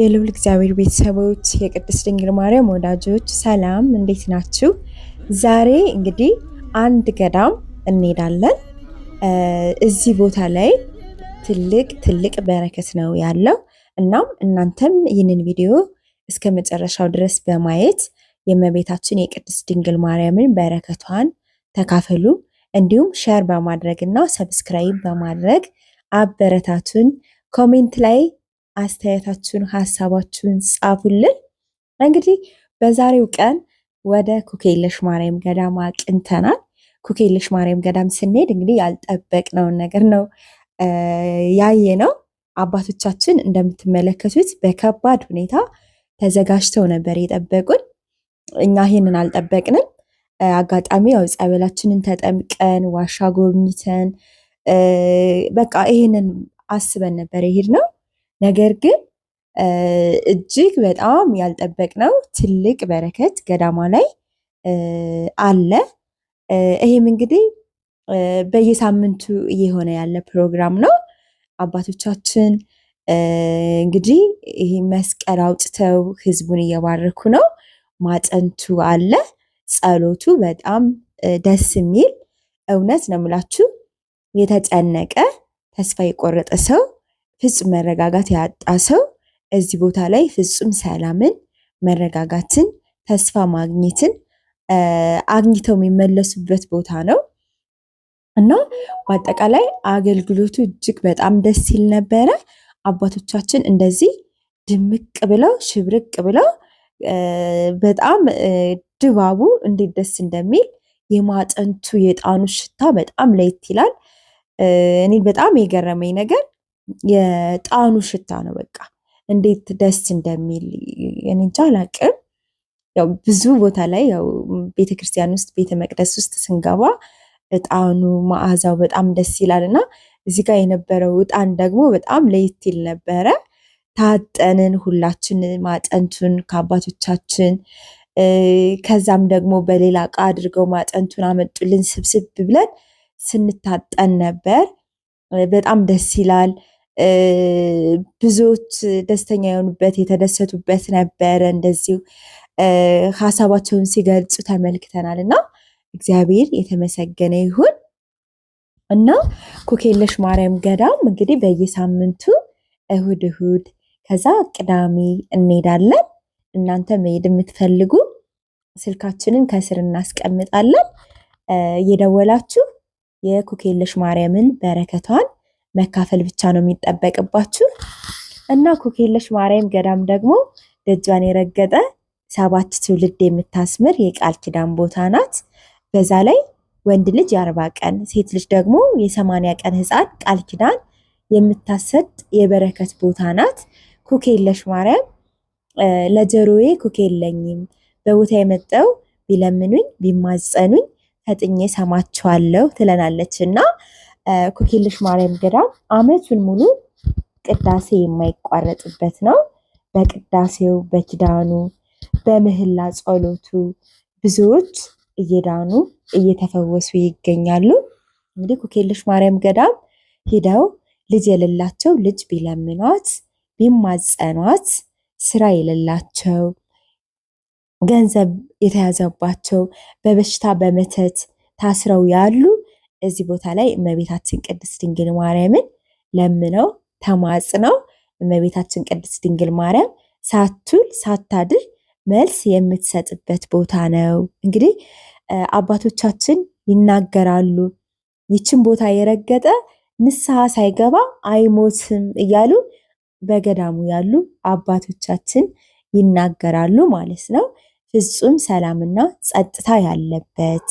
የልዑል እግዚአብሔር ቤተሰቦች የቅድስት ድንግል ማርያም ወዳጆች ሰላም፣ እንዴት ናችሁ? ዛሬ እንግዲህ አንድ ገዳም እንሄዳለን። እዚህ ቦታ ላይ ትልቅ ትልቅ በረከት ነው ያለው። እናም እናንተም ይህንን ቪዲዮ እስከ መጨረሻው ድረስ በማየት የእመቤታችን የቅድስት ድንግል ማርያምን በረከቷን ተካፈሉ። እንዲሁም ሸር በማድረግ እና ሰብስክራይብ በማድረግ አበረታቱን። ኮሜንት ላይ አስተያየታችሁን፣ ሀሳባችሁን ጻፉልን። እንግዲህ በዛሬው ቀን ወደ ኩኬለሽ ማርያም ገዳም አቅንተናል። ኩኬለሽ ማርያም ገዳም ስንሄድ እንግዲህ ያልጠበቅነውን ነገር ነው ያየ ነው። አባቶቻችን እንደምትመለከቱት በከባድ ሁኔታ ተዘጋጅተው ነበር የጠበቁን። እኛ ይህንን አልጠበቅንም። አጋጣሚ ያው ጸበላችንን ተጠምቀን ዋሻ ጎብኝተን በቃ ይህንን አስበን ነበር የሄድነው። ነገር ግን እጅግ በጣም ያልጠበቅነው ትልቅ በረከት ገዳማ ላይ አለ። ይሄም እንግዲህ በየሳምንቱ እየሆነ ያለ ፕሮግራም ነው። አባቶቻችን እንግዲህ ይህ መስቀል አውጥተው ህዝቡን እየባረኩ ነው። ማጠንቱ አለ። ጸሎቱ በጣም ደስ የሚል እውነት ነው የምላችሁ የተጨነቀ ተስፋ የቆረጠ ሰው ፍጹም መረጋጋት ያጣ ሰው እዚህ ቦታ ላይ ፍጹም ሰላምን፣ መረጋጋትን፣ ተስፋ ማግኘትን አግኝተው የሚመለሱበት ቦታ ነው እና በአጠቃላይ አገልግሎቱ እጅግ በጣም ደስ ሲል ነበረ። አባቶቻችን እንደዚህ ድምቅ ብለው ሽብርቅ ብለው በጣም ድባቡ እንዴት ደስ እንደሚል የማጠንቱ የጣኑ ሽታ በጣም ለየት ይላል። እኔ በጣም የገረመኝ ነገር የጣኑ ሽታ ነው በቃ እንዴት ደስ እንደሚል እንጃ አላቅም። ያው ብዙ ቦታ ላይ ያው ቤተ ክርስቲያን ውስጥ ቤተ መቅደስ ውስጥ ስንገባ እጣኑ መዓዛው በጣም ደስ ይላል እና እዚህ ጋር የነበረው እጣን ደግሞ በጣም ለየት ይል ነበረ። ታጠንን ሁላችን ማጠንቱን ከአባቶቻችን ከዛም ደግሞ በሌላ እቃ አድርገው ማጠንቱን አመጡልን ስብስብ ብለን ስንታጠን ነበር። በጣም ደስ ይላል። ብዙዎች ደስተኛ የሆኑበት የተደሰቱበት ነበረ። እንደዚሁ ሀሳባቸውን ሲገልጹ ተመልክተናል እና እግዚአብሔር የተመሰገነ ይሁን እና ኮኬለሽ ማርያም ገዳም እንግዲህ በየሳምንቱ እሁድ እሁድ ከዛ ቅዳሜ እንሄዳለን። እናንተ መሄድ የምትፈልጉ ስልካችንን ከስር እናስቀምጣለን። እየደወላችሁ የኮኬለሽ ማርያምን በረከቷን መካፈል ብቻ ነው የሚጠበቅባችሁ እና ኩኬለሽ ማርያም ገዳም ደግሞ ደጇን የረገጠ ሰባት ትውልድ የምታስምር የቃል ኪዳን ቦታ ናት። በዛ ላይ ወንድ ልጅ የአርባ ቀን ሴት ልጅ ደግሞ የሰማንያ ቀን ህፃን ቃል ኪዳን የምታሰጥ የበረከት ቦታ ናት። ኩክየለሽ ማርያም ለጆሮዬ ኩክ የለኝም በቦታ የመጠው ቢለምኑኝ ቢማጸኑኝ ፈጥኜ ሰማችኋለሁ ትለናለች እና ኩኪልሽ ማርያም ገዳም አመቱን ሙሉ ቅዳሴ የማይቋረጥበት ነው። በቅዳሴው፣ በኪዳኑ፣ በምህላ ጸሎቱ ብዙዎች እየዳኑ እየተፈወሱ ይገኛሉ። እንግዲህ ኩኪልሽ ማርያም ገዳም ሂደው ልጅ የሌላቸው ልጅ ቢለምኗት ቢማጸኗት፣ ስራ የሌላቸው ገንዘብ የተያዘባቸው በበሽታ በመተት ታስረው ያሉ እዚህ ቦታ ላይ እመቤታችን ቅድስት ድንግል ማርያምን ለምነው ተማጽነው እመቤታችን ቅድስት ድንግል ማርያም ሳትውል ሳታድር መልስ የምትሰጥበት ቦታ ነው። እንግዲህ አባቶቻችን ይናገራሉ፣ ይችን ቦታ የረገጠ ንስሐ ሳይገባ አይሞትም እያሉ በገዳሙ ያሉ አባቶቻችን ይናገራሉ ማለት ነው። ፍጹም ሰላምና ጸጥታ ያለበት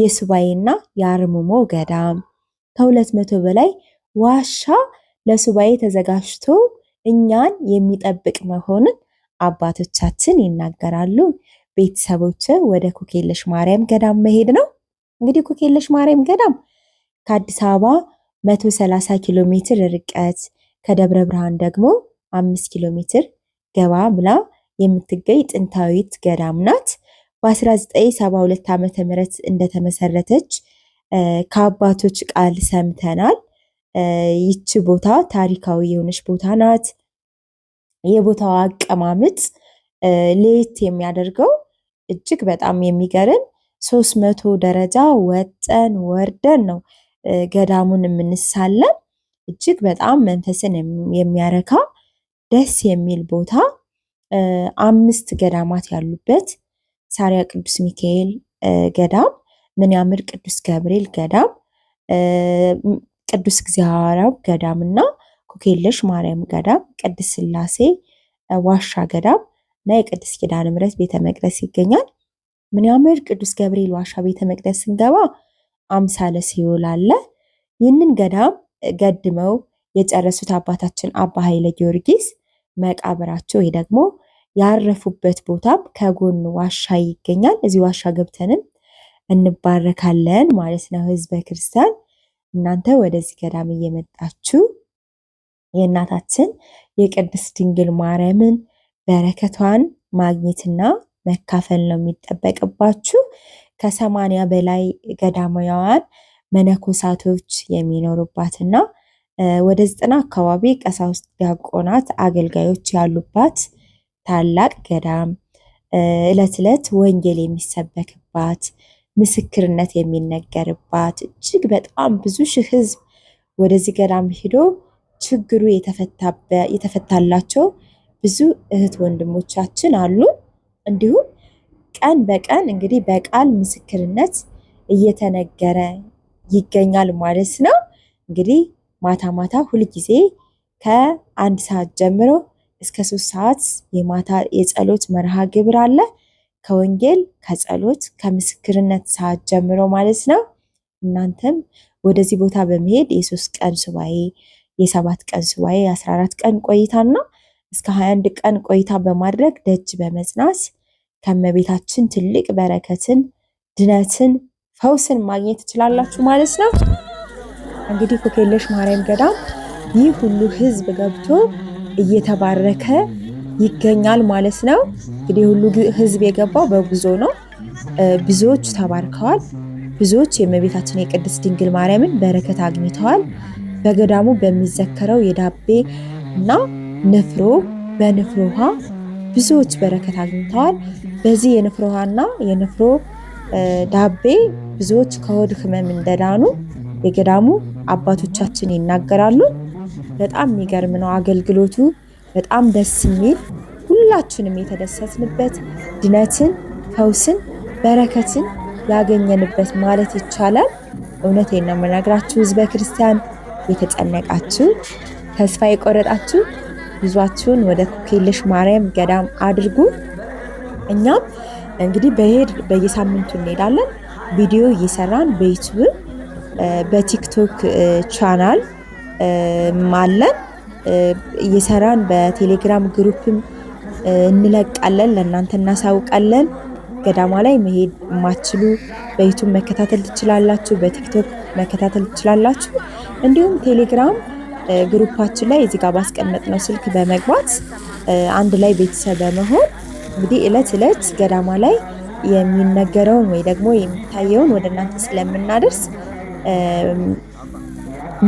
የሱባኤና የአርምሞ ገዳም ከሁለት መቶ በላይ ዋሻ ለሱባኤ ተዘጋጅቶ እኛን የሚጠብቅ መሆኑን አባቶቻችን ይናገራሉ። ቤተሰቦች ወደ ኮኬለሽ ማርያም ገዳም መሄድ ነው። እንግዲህ ኮኬለሽ ማርያም ገዳም ከአዲስ አበባ 130 ኪሎ ሜትር ርቀት ከደብረ ብርሃን ደግሞ 5 ኪሎ ሜትር ገባ ብላ የምትገኝ ጥንታዊት ገዳም ናት። በ1972 ም እንደተመሰረተች ከአባቶች ቃል ሰምተናል። ይቺ ቦታ ታሪካዊ የሆነች ቦታ ናት። የቦታዋ አቀማመጥ ለየት የሚያደርገው እጅግ በጣም የሚገርም ሶስት መቶ ደረጃ ወጠን ወርደን ነው ገዳሙን የምንሳለም። እጅግ በጣም መንፈስን የሚያረካ ደስ የሚል ቦታ አምስት ገዳማት ያሉበት ሳሪያ ቅዱስ ሚካኤል ገዳም፣ ምንያምር ቅዱስ ገብርኤል ገዳም፣ ቅዱስ እግዚአብሔር ገዳም እና ኮኬለሽ ማርያም ገዳም፣ ቅዱስ ስላሴ ዋሻ ገዳም እና የቅዱስ ኪዳነ ምሕረት ቤተ መቅደስ ይገኛል። ምንያምር ቅዱስ ገብርኤል ዋሻ ቤተ መቅደስ ስንገባ አምሳለ ሲዮል አለ። ይህንን ገዳም ገድመው የጨረሱት አባታችን አባ ኃይለ ጊዮርጊስ መቃብራቸው ወይ ደግሞ ያረፉበት ቦታም ከጎን ዋሻ ይገኛል። እዚህ ዋሻ ገብተንም እንባረካለን ማለት ነው። ህዝበ ክርስቲያን እናንተ ወደዚህ ገዳም እየመጣችሁ የእናታችን የቅድስት ድንግል ማርያምን በረከቷን ማግኘትና መካፈል ነው የሚጠበቅባችሁ። ከሰማንያ በላይ ገዳማውያን መነኮሳቶች የሚኖሩባትና ወደ ዘጠና አካባቢ ቀሳውስት፣ ዲያቆናት፣ አገልጋዮች ያሉባት ታላቅ ገዳም እለት እለት ወንጌል የሚሰበክባት ምስክርነት የሚነገርባት እጅግ በጣም ብዙ ሺህ ህዝብ ወደዚህ ገዳም ሂዶ ችግሩ የተፈታላቸው ብዙ እህት ወንድሞቻችን አሉ። እንዲሁም ቀን በቀን እንግዲህ በቃል ምስክርነት እየተነገረ ይገኛል ማለት ነው እንግዲህ ማታ ማታ ሁልጊዜ ከአንድ ሰዓት ጀምሮ እስከ ሶስት ሰዓት የማታ የጸሎት መርሃ ግብር አለ። ከወንጌል፣ ከጸሎት፣ ከምስክርነት ሰዓት ጀምሮ ማለት ነው። እናንተም ወደዚህ ቦታ በመሄድ የሶስት ቀን ሱባኤ፣ የሰባት ቀን ሱባኤ፣ የአስራ አራት ቀን ቆይታና እስከ ሀያ አንድ ቀን ቆይታ በማድረግ ደጅ በመጽናት ከመቤታችን ትልቅ በረከትን፣ ድነትን፣ ፈውስን ማግኘት ትችላላችሁ ማለት ነው። እንግዲህ ኮኬለሽ ማርያም ገዳም ይህ ሁሉ ህዝብ ገብቶ እየተባረከ ይገኛል ማለት ነው። እንግዲህ ሁሉ ህዝብ የገባው በጉዞ ነው። ብዙዎች ተባርከዋል። ብዙዎች የእመቤታችን የቅድስት ድንግል ማርያምን በረከት አግኝተዋል። በገዳሙ በሚዘከረው የዳቤ እና ንፍሮ በንፍሮ ውሃ ብዙዎች በረከት አግኝተዋል። በዚህ የንፍሮ ውሃና የንፍሮ ዳቤ ብዙዎች ከሆድ ህመም እንደዳኑ የገዳሙ አባቶቻችን ይናገራሉ። በጣም የሚገርም ነው አገልግሎቱ። በጣም ደስ የሚል ሁላችንም የተደሰትንበት ድነትን፣ ፈውስን፣ በረከትን ያገኘንበት ማለት ይቻላል። እውነቴን ነው የምነግራችሁ ህዝበ ክርስቲያን የተጨነቃችሁ ተስፋ የቆረጣችሁ ጉዟችሁን ወደ ኩክየለሽ ማርያም ገዳም አድርጉ። እኛም እንግዲህ በሄድ በየሳምንቱ እንሄዳለን ቪዲዮ እየሰራን በዩቱብ በቲክቶክ ቻናል አለን እየሰራን በቴሌግራም ግሩፕም እንለቃለን፣ ለእናንተ እናሳውቃለን። ገዳማ ላይ መሄድ የማትችሉ በዩቱብ መከታተል ትችላላችሁ፣ በቲክቶክ መከታተል ትችላላችሁ። እንዲሁም ቴሌግራም ግሩፓችን ላይ እዚጋ ባስቀመጥ ባስቀመጥነው ስልክ በመግባት አንድ ላይ ቤተሰብ በመሆን እንግዲህ እለት እለት ገዳማ ላይ የሚነገረውን ወይ ደግሞ የሚታየውን ወደ እናንተ ስለምናደርስ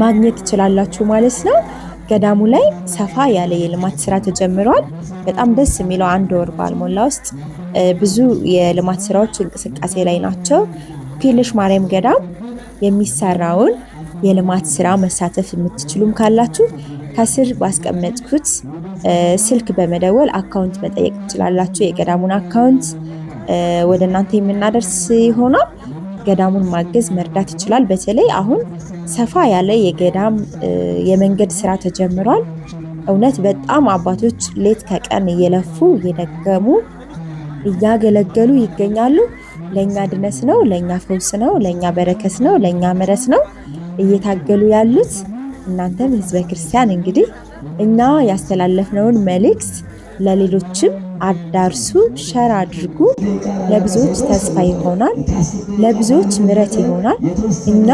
ማግኘት ትችላላችሁ ማለት ነው። ገዳሙ ላይ ሰፋ ያለ የልማት ስራ ተጀምሯል። በጣም ደስ የሚለው አንድ ወር ባልሞላ ውስጥ ብዙ የልማት ስራዎች እንቅስቃሴ ላይ ናቸው። ፒልሽ ማርያም ገዳም የሚሰራውን የልማት ስራ መሳተፍ የምትችሉም ካላችሁ ከስር ባስቀመጥኩት ስልክ በመደወል አካውንት መጠየቅ ትችላላችሁ። የገዳሙን አካውንት ወደ እናንተ የምናደርስ ይሆናል። ገዳሙን ማገዝ መርዳት ይችላል። በተለይ አሁን ሰፋ ያለ የገዳም የመንገድ ስራ ተጀምሯል። እውነት በጣም አባቶች ሌት ከቀን እየለፉ እየደገሙ እያገለገሉ ይገኛሉ። ለእኛ ድነት ነው፣ ለእኛ ፈውስ ነው፣ ለእኛ በረከት ነው፣ ለእኛ ምረት ነው እየታገሉ ያሉት። እናንተም ህዝበ ክርስቲያን እንግዲህ እኛ ያስተላለፍነውን መልእክት ለሌሎችም አዳርሱ፣ ሸር አድርጉ። ለብዙዎች ተስፋ ይሆናል፣ ለብዙዎች ምረት ይሆናል እና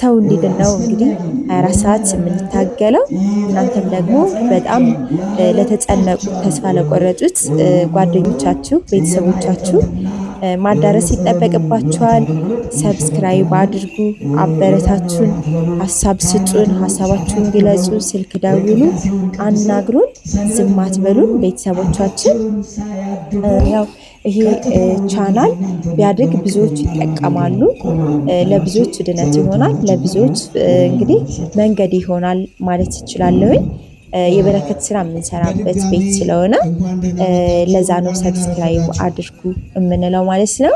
ሰው እንዲድን ነው እንግዲህ 24 ሰዓት የምንታገለው። እናንተም ደግሞ በጣም ለተጨነቁት ተስፋ ለቆረጡት ጓደኞቻችሁ፣ ቤተሰቦቻችሁ ማዳረስ ይጠበቅባቸዋል ሰብስክራይብ አድርጉ፣ አበረታችሁን፣ ሀሳብ ስጡን፣ ሀሳባችሁን ግለጹ፣ ስልክ ደውሉ፣ አናግሩን፣ ዝም አትበሉን። ቤተሰቦቻችን ያው ይሄ ቻናል ቢያድግ ብዙዎች ይጠቀማሉ። ለብዙዎች ድነት ይሆናል፣ ለብዙዎች እንግዲህ መንገድ ይሆናል ማለት እችላለሁኝ። የበረከት ስራ የምንሰራበት ቤት ስለሆነ ለዛ ነው ሰብስክራይብ አድርጉ የምንለው ማለት ነው።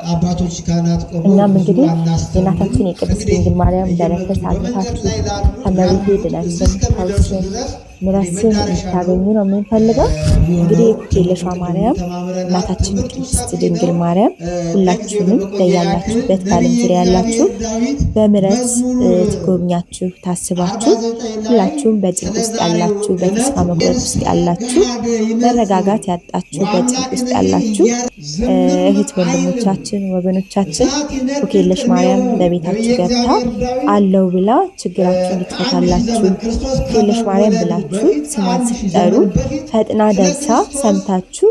እናም እንግዲህ የእናታችን የቅድስት ድንግል ማርያም በረከት አግኝታችሁ ከመቤቴ ድረስ ምሕረትን እንድታገኙ ነው የምንፈልገው። እንግዲህ የኩቴለሿ ማርያም እናታችን ቅድስት ድንግል ማርያም ሁላችሁንም በያላችሁበት በዓለም ዙሪያ ያላችሁ በምረት ትጎብኛችሁ ታስባችሁ፣ ሁላችሁም በጭንቅ ውስጥ ያላችሁ፣ በተስፋ መቁረጥ ውስጥ ያላችሁ፣ መረጋጋት ያጣችሁ፣ በጭንቅ ውስጥ ያላችሁ እህት ወንድሞቻችን፣ ወገኖቻችን ኩቴለሽ ማርያም በቤታችሁ ገብታ አለው ብላ ችግራችሁ እንድትፈታላችሁ ኩቴለሽ ማርያም ብላ ሌሎቹ ስሟን ሲጠሩ ፈጥና ደርሳ ሰምታችሁ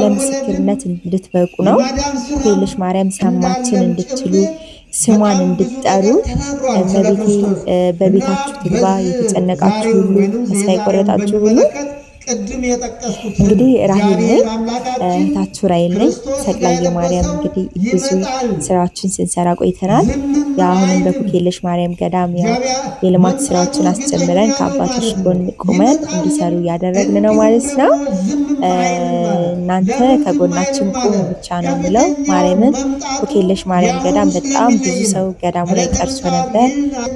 ለምስክርነት እንድትበቁ ነው። ሌሎች ማርያም ሰማችን እንድትሉ ስሟን እንድትጠሩ በቤታችሁ ትግባ። የተጨነቃችሁ ሁሉ፣ ተስፋ የቆረጣችሁ ሁሉ እንግዲህ ራሄል ነኝ እህታችሁ ራሄል ነኝ። ሰቅላየ ማርያም እንግዲህ ብዙ ስራዎችን ስንሰራ ቆይተናል። የአሁንም በኩኬለሽ ማርያም ገዳም የልማት ስራዎችን አስጀምረን ከአባቶች ጎን ቁመን እንዲሰሩ እያደረግን ነው ማለት ነው። እናንተ ከጎናችን ቁሙ ብቻ ነው የሚለው ማርያምን። ኩኬለሽ ማርያም ገዳም በጣም ብዙ ሰው ገዳሙ ላይ ጠርሶ ነበር።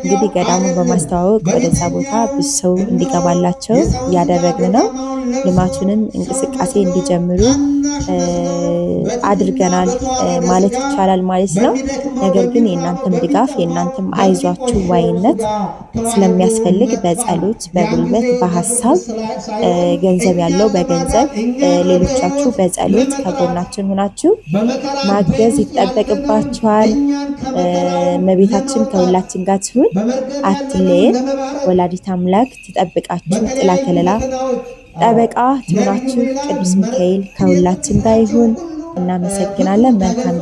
እንግዲህ ገዳሙን በማስተዋወቅ ወደዛ ቦታ ብዙ ሰው እንዲገባላቸው እያደረግን ነው። ልማቱንም እንቅስቃሴ እንዲጀምሩ አድርገናል ማለት ይቻላል ማለት ነው። ነገር ግን የእናንተም ድጋፍ የእናንተም አይዟችሁ ዋይነት ስለሚያስፈልግ በጸሎት፣ በጉልበት፣ በሀሳብ ገንዘብ ያለው በገንዘብ ሌሎቻችሁ በጸሎት ከጎናችን ሆናችሁ ማገዝ ይጠበቅባችኋል። መቤታችን ከሁላችን ጋር ትሁን፣ አትለየን። ወላዲት አምላክ ትጠብቃችሁ፣ ጥላ ከለላ ጠበቃ ትሆናችሁ። ቅዱስ ሚካኤል ከሁላችን ጋር ይሁን። እናመሰግናለን። መልካም